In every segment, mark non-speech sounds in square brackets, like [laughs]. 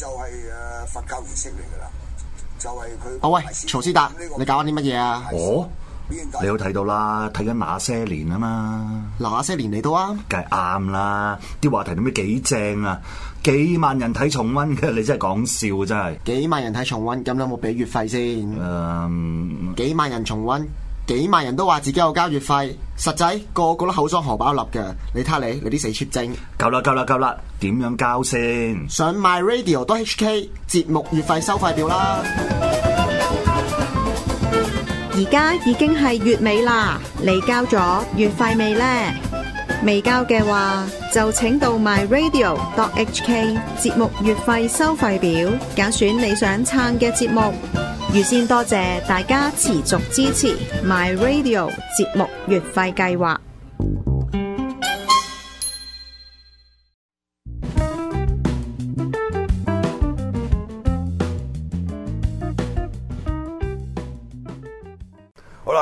就係誒佛教儀式嚟噶啦，就係佢。哦，喂，曹思達，你搞緊啲乜嘢啊？哦，你好睇到，到啦，睇緊那些年啊嘛。那些年嚟到啊？梗係啱啦，啲話題點咩幾正啊？幾萬人睇重溫嘅，你真係講笑真係。幾萬人睇重溫，咁有冇俾月費先？誒，um, 幾萬人重溫。幾萬人都話自己有交月費，實際個，個個都口裝荷包粒嘅。你睇下你，你啲死 cheap 精！夠啦，夠啦，夠啦！點樣交先？想 myradio.hk 節目月費收費表啦。而家已經係月尾啦，你交咗月費未呢？未交嘅話，就請到 myradio.hk 節目月費收費表，揀選你想撐嘅節目。預先多謝大家持續支持 My Radio 節目月費計劃。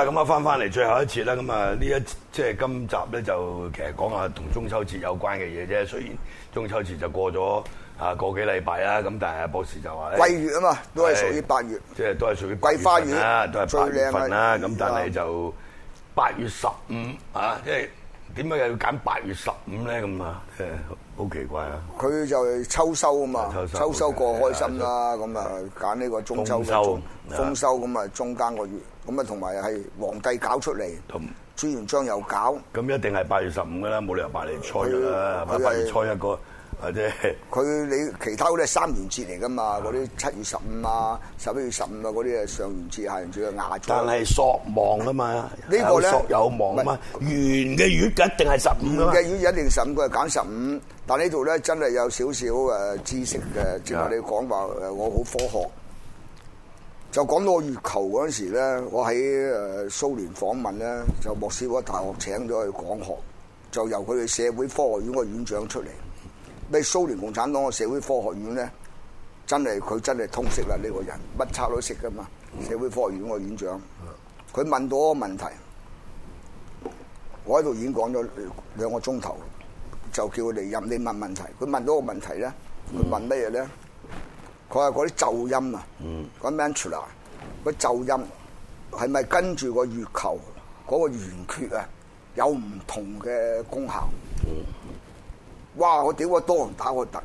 咁啊，翻翻嚟最後一次啦。咁啊，呢一即係今集咧，就其實講下同中秋節有關嘅嘢啫。雖然中秋節就過咗啊，個幾禮拜啦。咁但係博士就話：桂月啊嘛，都係屬於八月，即係都係屬於桂花月啊，都係八月份啦。咁但係就八月十五啊，即係點解又要揀八月十五咧？咁啊，誒，好奇怪啊！佢就秋收啊嘛，秋收過開心啦。咁啊，揀呢個中秋，豐收，豐收咁啊，中間個月。咁啊，同埋係皇帝搞出嚟，同朱元璋又搞，咁一定係八月十五噶啦，冇理由八月初噶，八月初一個或者。佢你其他嗰啲三元節嚟噶嘛，嗰啲七月十五啊、十一月十五啊嗰啲啊上元節、下元節嘅亞。但係朔望啊嘛，呢個咧有朔有望啊嘛，圓嘅月一定係十五，圓嘅月一定十五佢個減十五，但呢度咧真係有少少誒知識嘅，即係你講話誒我好科學。就講到月球嗰陣時咧，我喺誒蘇聯訪問咧，就莫斯科大學請咗去講學，就由佢哋社會科學院個院長出嚟。咩蘇聯共產黨個社會科學院咧，真係佢真係通識啦呢個人，乜叉都識噶嘛。社會科學院個院長，佢問到我問題，我喺度演講咗兩個鐘頭，就叫佢嚟任你問問題，佢問到個問題咧，佢問咩嘢咧？嗯佢話嗰啲咒音啊，嗰咩出嚟啊？個咒音係咪跟住個月球嗰、嗰個圓缺啊，有唔同嘅功效？Mm. 哇！我屌我多人打個突，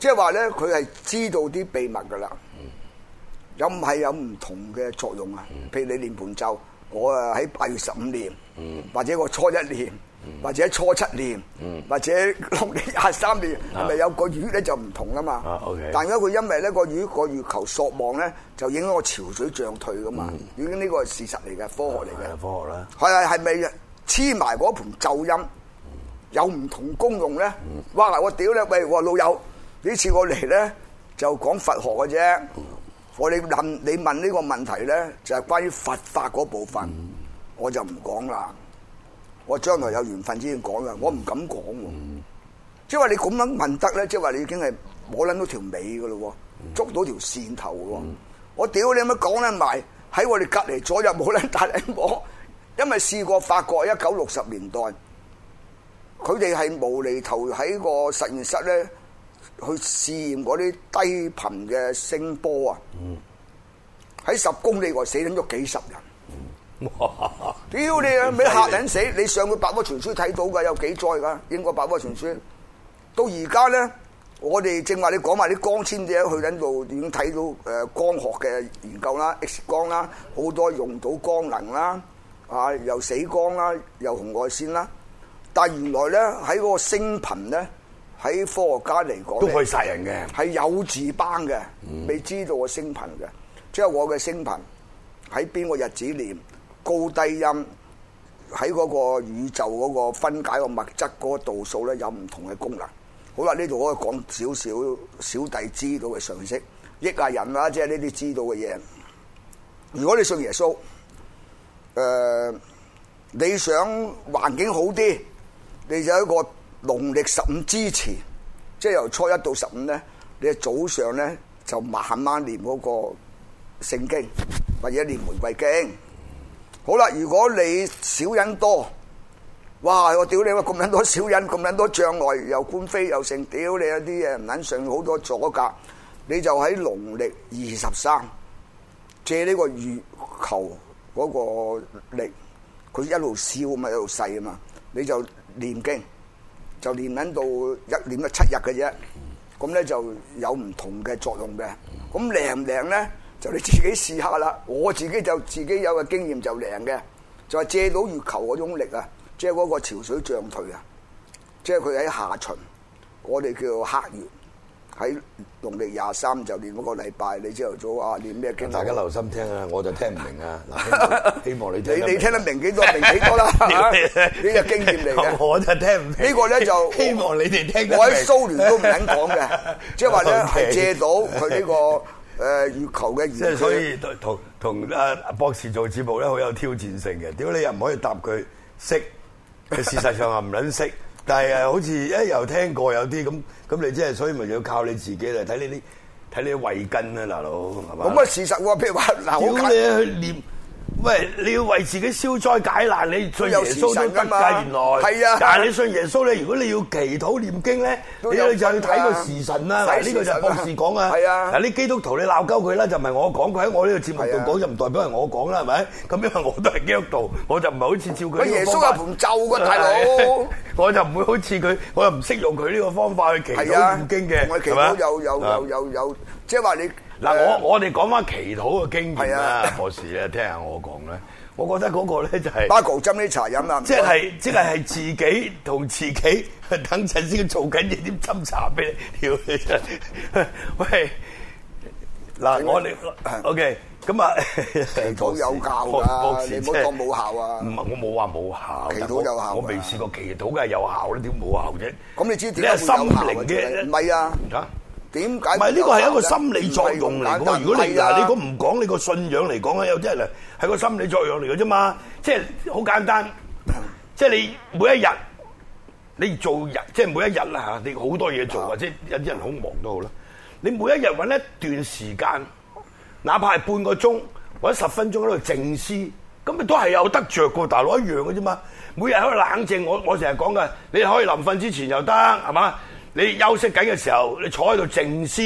即係話咧，佢係知道啲秘密噶啦，唔係、mm. 有唔同嘅作用啊。Mm. 譬如你練盤咒，我啊喺八月十五練，mm. 或者我初一練。或者初七年，或者六年廿三年，係咪有個月咧就唔同啦嘛？但因為因為咧個月個月球朔望咧，就影響個潮水漲退噶嘛？已經呢個係事實嚟嘅，科學嚟嘅，科學啦。係係咪黐埋嗰盆咒音有唔同功用咧？哇！嗱，我屌咧，譬如話老友，呢次我嚟咧就講佛學嘅啫。我你問你問呢個問題咧，就係關於佛法嗰部分，我就唔講啦。我將來有緣分先講啦，我唔敢講喎、mm hmm.。即係話你咁樣問得咧，即係話你已經係冇撚到條尾嘅咯喎，捉到條線頭喎。Mm hmm. 我屌你咁樣講得埋喺我哋隔離左右冇撚搭緊我， [laughs] 因為試過法國一九六十年代，佢哋係無厘頭喺個實驗室咧去試驗嗰啲低頻嘅聲波啊，喺、mm hmm. 十公里外死撚咗幾十人。屌你啊！俾吓哇人死，你，你上個百科全書睇到噶，有幾載噶，英國百科全書到而家咧，我哋正話你講埋啲光纖嘅，去緊度已經睇到誒光學嘅研究啦，X 光啦，好多用到光能啦，啊又死光啦，又紅外線啦。但係原來咧，喺個聲頻咧，喺科學家嚟講都可以殺人嘅，係有字班嘅，未知道個聲頻嘅，嗯、即係我嘅聲頻，喺邊個日子念。高低音喺嗰個宇宙嗰個分解個物質嗰個度數咧，有唔同嘅功能。好啦，呢度可以講少少小弟知道嘅常識，益下人啦，即係呢啲知道嘅嘢。如果你信耶穌，誒、呃，你想環境好啲，你就一個農曆十五之前，即係由初一到十五咧，你早上咧就慢慢念嗰個聖經或者念玫瑰經。好啦，如果你小人多，哇！我屌你啊，咁撚多小人，咁撚多障礙，又官非又剩，屌你一啲嘢唔撚上好多阻隔，你就喺農曆二十三借呢個月球嗰個力，佢一路燒咪一路細啊嘛，你就唸經就唸撚到一年嘅七日嘅啫，咁咧就有唔同嘅作用嘅，咁靚唔靚咧？就你自己試下啦，我自己就自己有嘅經驗就靈嘅，就係借到月球嗰種力啊，即係嗰個潮水漲退啊，即係佢喺下旬，我哋叫做黑月，喺農曆廿三就練嗰個禮拜，你朝頭早啊練咩經？大家留心聽啊，我就聽唔明啊，希望你你你聽得明幾多明幾多啦？呢個經驗嚟嘅，我就聽唔明呢個咧就希望你哋聽。我喺蘇聯都唔肯講嘅，即係話咧係借到佢呢個。誒、呃、要求嘅，即係所以同同阿博士做節目咧，好有挑戰性嘅。屌你又唔可以答佢識，事實上又唔捻識， [laughs] 但係誒、呃、 [laughs] 好似一、嗯、又聽過有啲咁，咁你即係。所以咪要靠你自己嚟睇你啲睇你啲慧根啊大佬，係嘛？咁乜事實我譬如話？屌你去念！ [laughs] 喂，你要為自己消災解難，你信耶穌都得噶。原來，但係你信耶穌咧，如果你要祈禱唸經咧，你咧就要睇個時辰啦。嗱，呢個就係博士講啊。係啊，嗱，啲基督徒你鬧鳩佢啦，就唔係我講。佢喺我呢個節目度講，就唔代表係我講啦，係咪？咁因為我都係基督徒，我就唔係好似照佢呢個方法。乜耶穌阿婆咒㗎大佬？我就唔會好似佢，我又唔識用佢呢個方法去祈禱啊！唸經嘅我祈禱。有有有有有，即係話你。嗱，我我哋講翻祈禱嘅經驗啦，博士咧聽下我講咧？我覺得嗰個咧就係阿哥斟啲茶飲啦，即係即係係自己同自己等陣先做緊嘢，點斟茶俾你？屌你真！喂，嗱我哋 OK 咁啊！祈禱有效㗎，博士，你唔好講冇效啊！唔係，我冇話冇效，祈禱有效，我未試過祈禱嘅係有效，點冇效啫？咁你知點啊？心靈嘅唔係啊？唔係呢個係一個心理作用嚟嘅，如果你嗱、啊、你講唔講你個信仰嚟講咧，有啲人係個心理作用嚟嘅啫嘛，即係好簡單，即係你每一日你做日，即係每一日啦嚇，你好是的 好多嘢做或者有啲人好忙都好啦，你每一日揾一段時間，哪怕係半個鐘，揾十分鐘喺度靜思，咁你都係有得着嘅，大佬一樣嘅啫嘛。每日喺度冷靜，我我成日講嘅，你可以臨瞓之前又得，係嘛？你休息緊嘅時候，你坐喺度靜思，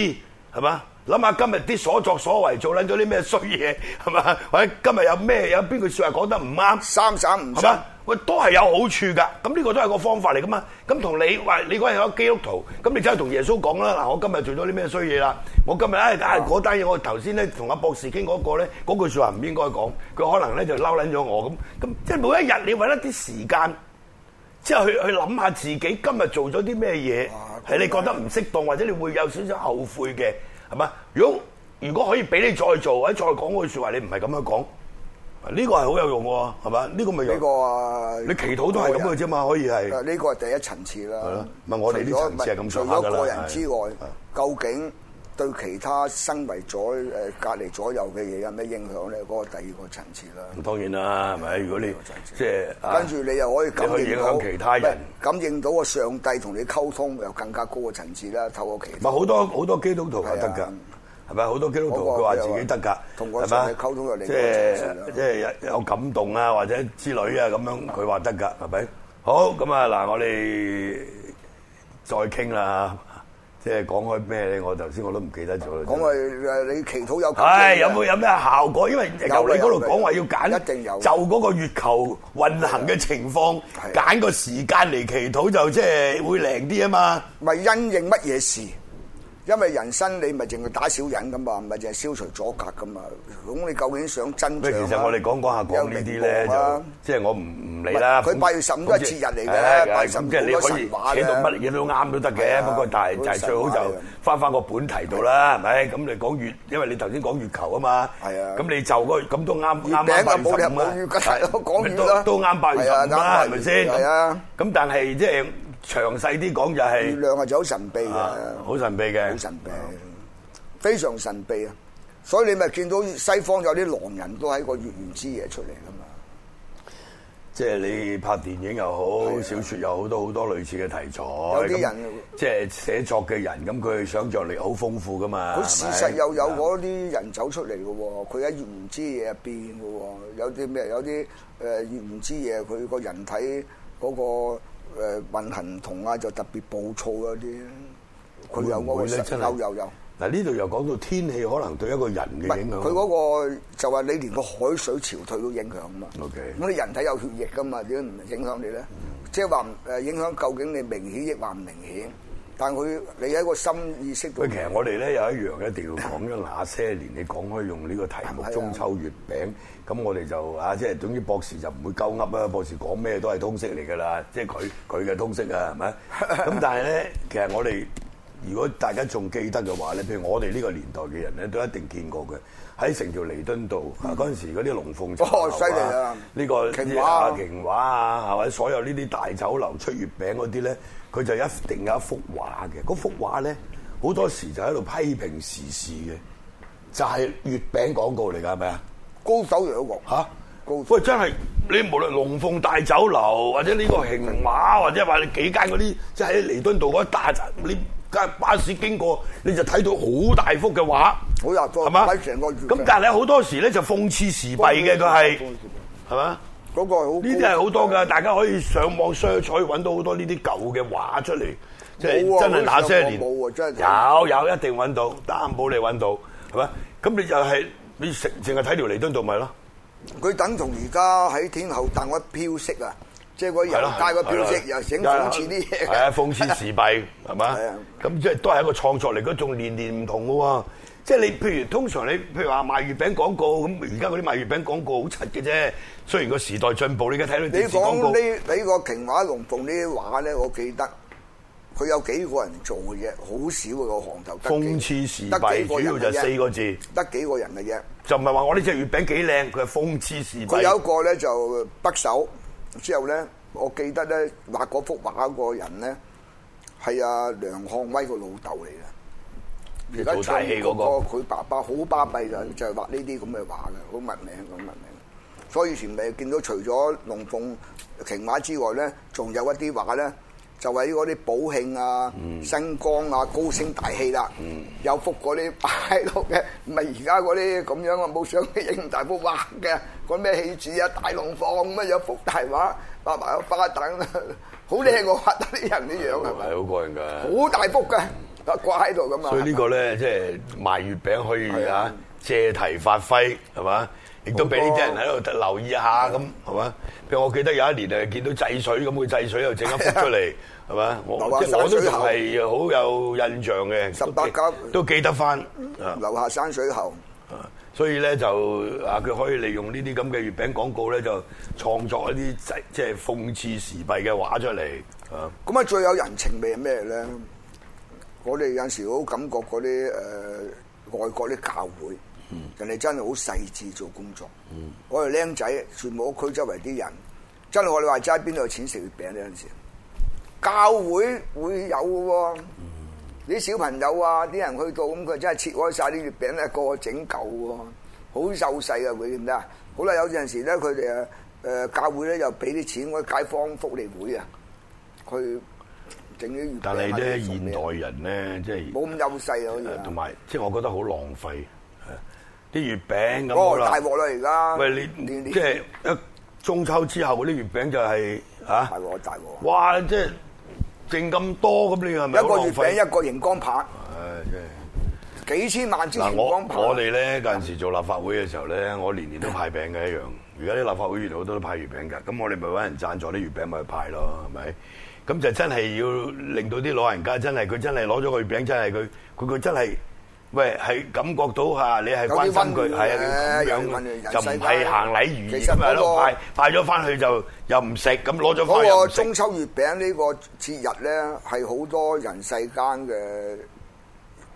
係嘛？諗下今日啲所作所為，做捻咗啲咩衰嘢，係嘛？或者今日有咩有邊句說話講得唔啱，三省吾身，係嘛？喂，都係有好處噶。咁呢個都係個方法嚟噶嘛？咁同你話你講係個基督徒，咁你真係同耶穌講啦。嗱，我今日做咗啲咩衰嘢啦？我今日唉唉嗰單嘢，哎、我頭先咧同阿博士傾嗰、嗰個咧，嗰句說話唔應該講，佢可能咧就嬲捻咗我咁咁，即係每一日你搵一啲時間，即係去去諗下自己今日做咗啲咩嘢。係你覺得唔適當，或者你會有少少後悔嘅，係嘛？如果如果可以俾你再做，或者再講嗰句説話，你唔係咁樣講，呢個係好有用喎，係嘛？呢個咪有用？呢個啊，你祈禱都係咁嘅啫嘛，可以係。呢個係第一層次啦吧。係咯了，唔係我哋呢層次係咁上下㗎啦。除咗個人之外，究竟，對其他身為左誒，隔離左右嘅嘢有咩影響咧？嗰個第二個層次啦。咁當然啦，係咪？如果你個層次，即係跟住你又可以感染到，咁去影響其他人，感染到個上帝同你溝通，有更加高嘅層次啦。透過其他。咪好多好多基督徒話得㗎，係咪？好多基督徒佢話自己得㗎，同上帝溝通又嚟。即係即係有有感動啊，或者之類啊咁樣，佢話得㗎，係咪？好咁啊！嗱，我哋再傾啦嚇。即係講開咩咧？我頭先我都唔記得咗啦。咁啊誒，你祈禱有？係有冇有咩效果？因為由你嗰度講話要揀一定有。就嗰個月球運行嘅情況，揀個時間嚟祈禱就即係會靈啲啊嘛。咪因應乜嘢事？因為人生你咪淨係打小人咁嘛，咪淨係消除阻隔咁嘛。咁你究竟想增長啊？其實我哋講講下講呢啲呢，就即係我唔唔理啦。佢八月十五都係節日嚟嘅，咁即係你可以扯到乜嘢都啱都得嘅。不過但係但係最好就翻返個本題度啦，係咪？咁你講月，因為你頭先講月球啊嘛。係啊。咁你就嗰咁都啱啱八月十五啊，冇理由啦，講月啦，都啱八月十五啦，係咪先？係啊。咁但係即係。詳細啲講就係、是，月亮係就好神秘嘅，好、啊、神秘嘅，神秘的非常神秘啊！所以你咪見到西方有啲狼人都喺個月圓之夜出」出嚟噶嘛？即係你拍電影又好，的小説又好多好多類似嘅題材。有啲人即係、就是、寫作嘅人，咁佢想像力好豐富噶嘛。佢事實又有嗰啲的人走出嚟嘅喎，佢喺月，月圓之夜」入邊嘅喎，有啲咩？有啲誒月圓之夜」，佢個人體嗰個。誒運行唔同啊，就特別暴躁嗰啲，佢它不 有我會濕溼又有。嗱呢度又講到天氣可能對一個人嘅影響。佢嗰個就話你連個海水潮退都影響嘛。OK，咁你人體有血液㗎嘛？點解唔影響你咧？即係話誒影響，究竟你明顯抑或唔明顯？但佢你有一個心意識度，其實我哋咧有一樣一定要講咗那些年，你講開用呢個題目中秋月餅，咁我哋就啊，即係總之博士就唔會鳩噏啦。博士講咩都係通識嚟㗎啦，即係佢佢嘅通識啊，係咪？咁 [laughs] 但係咧，其實我哋如果大家仲記得嘅話咧，譬如我哋呢個年代嘅人咧，都一定見過嘅。喺成條彌敦道嗰陣時，嗰啲龍鳳茶樓，哦，犀利啊，呢個啲阿瓊華啊，係咪？所有呢啲大酒樓出月餅嗰啲咧。佢就一定有一幅畫嘅，嗰幅畫咧好多時就喺度批評時事嘅，就係、是、月餅廣告嚟㗎，係咪啊？高手養鑊嚇，喂，真係你無論龍鳳大酒樓或者呢個鶴馬，或者話你對幾間嗰啲，即喺彌敦道嗰一大，你架巴士經過你就睇到好大幅嘅畫，係嘛？睇成個月咁，隔離好多時咧就諷刺時弊嘅佢係，係嘛？嗰個好呢啲係好多㗎，大家可以上網 search 揾到好多呢啲舊嘅畫出嚟，即係真係那些年。有有一定揾到，擔保你揾到，係咪？咁你就係你成淨係睇條彌敦道咪咯？佢等同而家喺天后搭我啲飄色啊，即係個羊街個飄色，又醒仿似啲嘢嘅。係啊，諷刺時弊係咪？咁即係都係一個創作嚟，佢仲年年唔同嘅喎。即係你，譬如通常你譬如話賣月餅廣告咁，而家嗰啲賣月餅廣告好柒嘅啫。雖然個時代進步，你而家睇到電視廣告。你講呢呢個瓊華龍鳳呢啲畫咧，我記得佢有幾個人做嘅嘢，好少個行頭。諷刺時弊，主要就係四個字，得幾個人嘅啫。就唔係話我呢隻月餅幾靚，佢係諷刺時弊。佢有一個咧就北首，之後咧我記得咧畫嗰幅畫嗰個人咧係阿梁漢威個老豆嚟嘅。大氣嗰個佢爸爸好巴閉嘅，就係畫呢啲咁嘅畫嘅，好聞名咁聞名。所以以前咪見到除咗龍鳳絹畫之外咧，仲有一啲畫咧，就係啲嗰啲寶慶啊、新光啊、高升大氣啦。有幅嗰啲擺落嘅，唔係而家嗰啲咁樣啊，冇相機影大幅畫嘅，嗰咩戲子啊、大龍鳳咁啊，有幅大畫，畫埋個花燈啊，好靚喎，畫得啲人啲樣係咪？係好過癮㗎，好大幅㗎。喺度嘛，所以呢個咧，即係賣月餅可以嚇借題發揮，係嘛？亦都俾呢啲人喺度留意下，咁係嘛？譬如我記得有一年啊，見到制水咁，佢制水又整粒出嚟，係嘛？我我都係好有印象嘅，都記得翻，留下山水喉。所以咧就啊，佢可以利用呢啲咁嘅月餅廣告咧，就創作一啲即即係諷刺時弊嘅畫出嚟。咁啊，最有人情味係咩咧？我哋有陣時好感覺嗰啲誒外國啲教會，嗯、人哋真係好細緻做工作。嗯、我哋僆仔全部屋區周圍啲人，真係我哋話齋邊度有錢食月餅呢？陣時教會會有喎、哦，啲、嗯、小朋友啊，啲人去到咁佢真係切開晒啲月餅咧，一個個整嚿喎、哦，好幼細啊。會唔得啊？好啦，有陣時咧佢哋誒誒教會咧又俾啲錢嗰啲街坊福利會啊，去。但係咧，現代人咧，即係冇咁幼細啊！同埋，即係我覺得好浪費，啲月餅咁。大鑊啦而家！喂，你，即係一中秋之後嗰啲月餅就係嚇。大鑊，大鑊！哇！即係剩咁多咁，你係咪？一個月餅一個熒光棒。唉，真係幾千萬支熒光棒。我哋咧嗰陣時做立法會嘅時候咧，我年年都派餅嘅一樣。而家啲立法會議員好多都派月餅㗎，咁我哋咪揾人贊助啲月餅咪去派咯，係咪？咁就真係要令到啲老人家真係佢真係攞咗個月餅，真係佢佢佢真係，喂係感覺到嚇你係關心佢係啊，又唔係行禮如儀，其實好多，派派咗翻去就又唔食，咁攞咗翻入去。嗰個中秋月餅呢個節日咧，係好多人世間嘅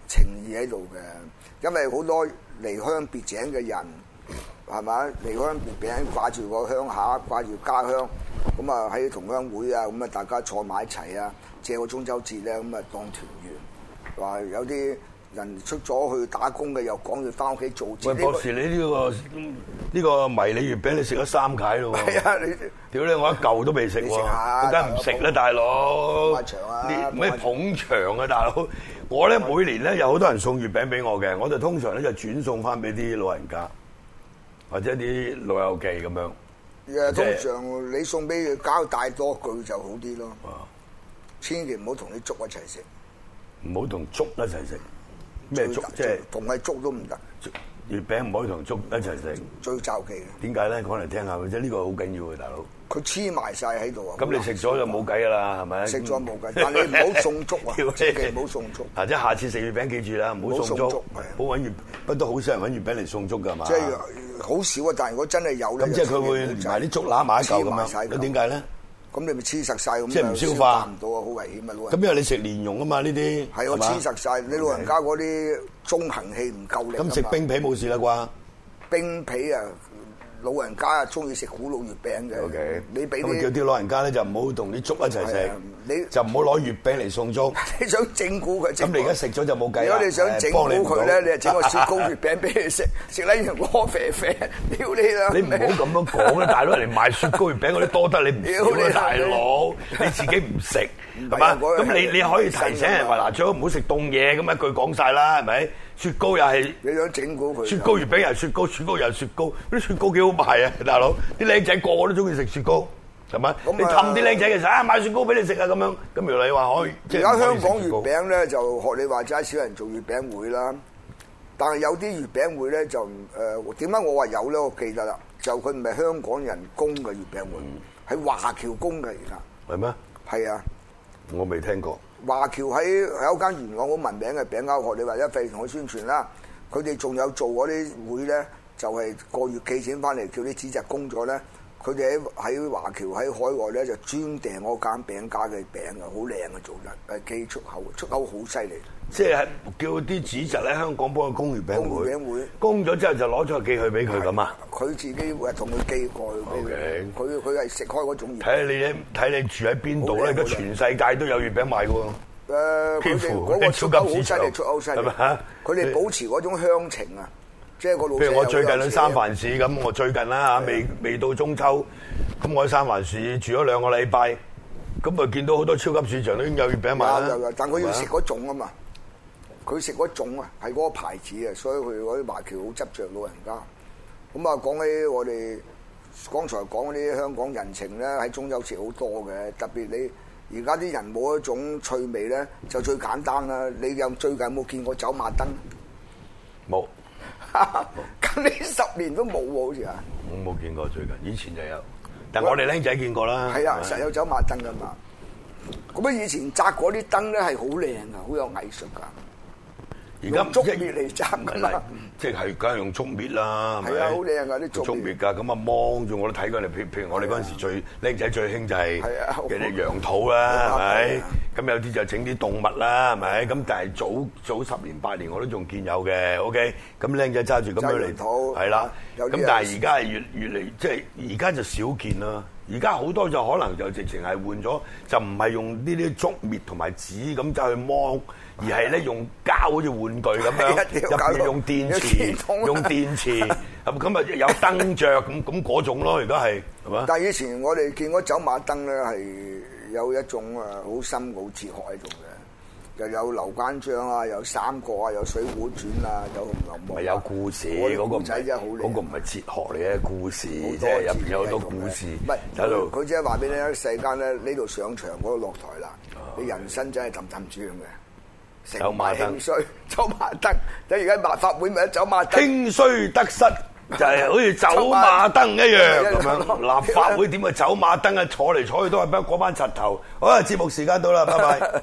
情義喺度嘅，因為好多離鄉別井嘅人，係咪？離鄉別餅掛住個鄉下，掛住家鄉。咁啊喺同鄉會啊，咁啊大家坐埋一齊啊，借個中秋節咧，咁啊當團圓。話有啲人出咗去打工嘅，又講住翻屋企做節。喂，博士，你呢個呢個迷你月餅，你食咗三屆咯？係啊，你，屌你，我一嚿都未食。食下，梗係唔食啦，大佬。捧場啊！咩捧場啊，大佬？我咧每年咧有好多人送月餅俾我嘅，我就通常咧就轉送翻俾啲老人家或者啲老友記咁樣。通常你送俾佢搞大多句就好啲咯，千祈唔好同啲粥一齊食，唔好同粥一齊食，咩粥即係同係粥都唔得，月餅唔可以同粥一齊食，最忌忌嘅。點解咧？講嚟聽下即啫，呢個好緊要嘅，大佬。佢黐埋晒喺度啊！咁你食咗就冇計㗎啦，係咪？食咗冇計，但係你唔好送粥啊！唔好送粥。嗱，即係下次食月餅記住啦，唔好送粥，唔好揾月，不都好少人揾月餅嚟送粥㗎嘛？好少啊！但係如果真係有咧，咁即係佢會埋啲竹乸買嚿咁啊？咁點解咧？咁你咪黐實晒咁，即係唔消化，唔到啊！好危險啊，咁因為你食蓮蓉啊嘛，呢啲係我黐實晒。你老人家嗰啲中行器唔夠力。咁食冰皮冇事啦啩？冰皮啊！老人家啊，中意食古老月餅嘅。OK。你俾佢叫啲老人家咧，就唔好同啲粥一齊食。你就唔好攞月餅嚟送粥。你想整蠱佢？咁你而家食咗就冇計。如果你想整蠱佢咧，你就整個雪糕月餅俾佢食，食得完屙啡啡，屌你啦！你唔好咁樣講啦，大佬，人哋賣雪糕月餅嗰啲多得你唔少啊，大佬！你自己唔食係嘛？咁你你可以提醒人話嗱，最好唔好食凍嘢咁一句講晒啦，係咪？雪糕又係，你想整蠱佢？雪糕月餅又係雪糕，雪糕又係雪糕，啲雪糕幾好賣啊！大佬，啲靚仔個個都中意食雪糕，係咪？咁你氹啲靚仔其實啊，買雪糕俾你食啊，咁樣。咁如你話，可以而家香港月餅咧就學你話齋少人做月餅會啦，但係有啲月餅會咧就誒點解我話有咧？我記得啦，就佢唔係香港人工嘅月餅會，喺華僑工嘅而家。係咩？係啊，我未聽過。華僑喺有間元朗好聞名嘅餅家，學，你話一費同佢宣傳啦，佢哋仲有做嗰啲會咧，就係、是、個月寄錢翻嚟，叫啲資質工作咧。佢哋喺喺華僑喺海外咧就專訂我間餅家嘅餅啊，好靚嘅。做得誒寄出口，出口好犀利。即係叫啲子姪喺香港幫佢供月餅會，供咗之後就攞咗去寄去俾佢咁啊。佢自己會同佢寄過去俾佢，佢佢係食開嗰種。睇下你睇你住喺邊度咧，而家全世界都有月餅賣喎。誒、呃，幾乎啲出口好犀利，出口犀利係咪啊？佢哋保持嗰種鄉情啊！譬如我最近去三藩市咁，我最近啦嚇，未未到中秋，咁我喺三藩市住咗兩個禮拜，咁啊見到好多超級市場都已經有月餅賣啦。但佢要食嗰種啊嘛，佢食嗰種啊，係嗰個牌子啊，所以佢嗰啲華僑好執著老人家。咁啊講起我哋剛才講嗰啲香港人情咧，喺中秋前好多嘅，特別你而家啲人冇一種趣味咧，就最簡單啦。你有最近冇見過走馬燈？冇。咁 [laughs] 呢十年都冇喎，好似啊！我冇見過最近，以前就有、是，但係我哋僆仔見過啦。係啊的，成日的有走馬燈噶嘛。咁啊， [music] 以前紮嗰啲燈咧係好靚啊，好有藝術噶。而家逐越嚟賺緊啦，即係梗係用竹篾啦，係啊，好靚啊啲竹篾㗎，咁啊望住我都睇過你。譬如我哋嗰陣時最僆仔是、啊、最興就係嘅啲羊肚啦，係咪、啊？咁有啲就整啲動物啦，係咪？咁是、啊、但係早早十年八年我都仲見有嘅，OK？咁僆仔揸住咁樣嚟土，係啦對，咁些但係而家係越來越嚟，即係而家就少見啦。而家好多就可能就直情係換咗，就唔係用呢啲竹篾同埋紙咁走去摸，而係咧用膠好似玩具咁樣，入面用電池，用電池，咁今日有燈着咁咁種咯，而家係，係嘛？但係以前我哋見過走馬燈咧係有一種啊好深奧哲學喺度嘅。又有《劉關張》啊，有《三國》啊，有《水滸傳》啊，有《紅樓夢》。唔係有故事，嗰個嗰個唔係哲學嚟嘅故事啫，有好多故事。唔睇到！佢只係話俾你聽，世間咧呢度上場嗰度落台啦。你人生真係氹氹轉咁嘅，走馬燈、聽衰、走馬燈。你而家立法會咪走馬燈聽衰得失，就係好似走馬燈一樣咁樣。立法會點啊？走馬燈啊？坐嚟坐去都係，不過嗰班柒頭。好啦，節目時間到啦，拜拜。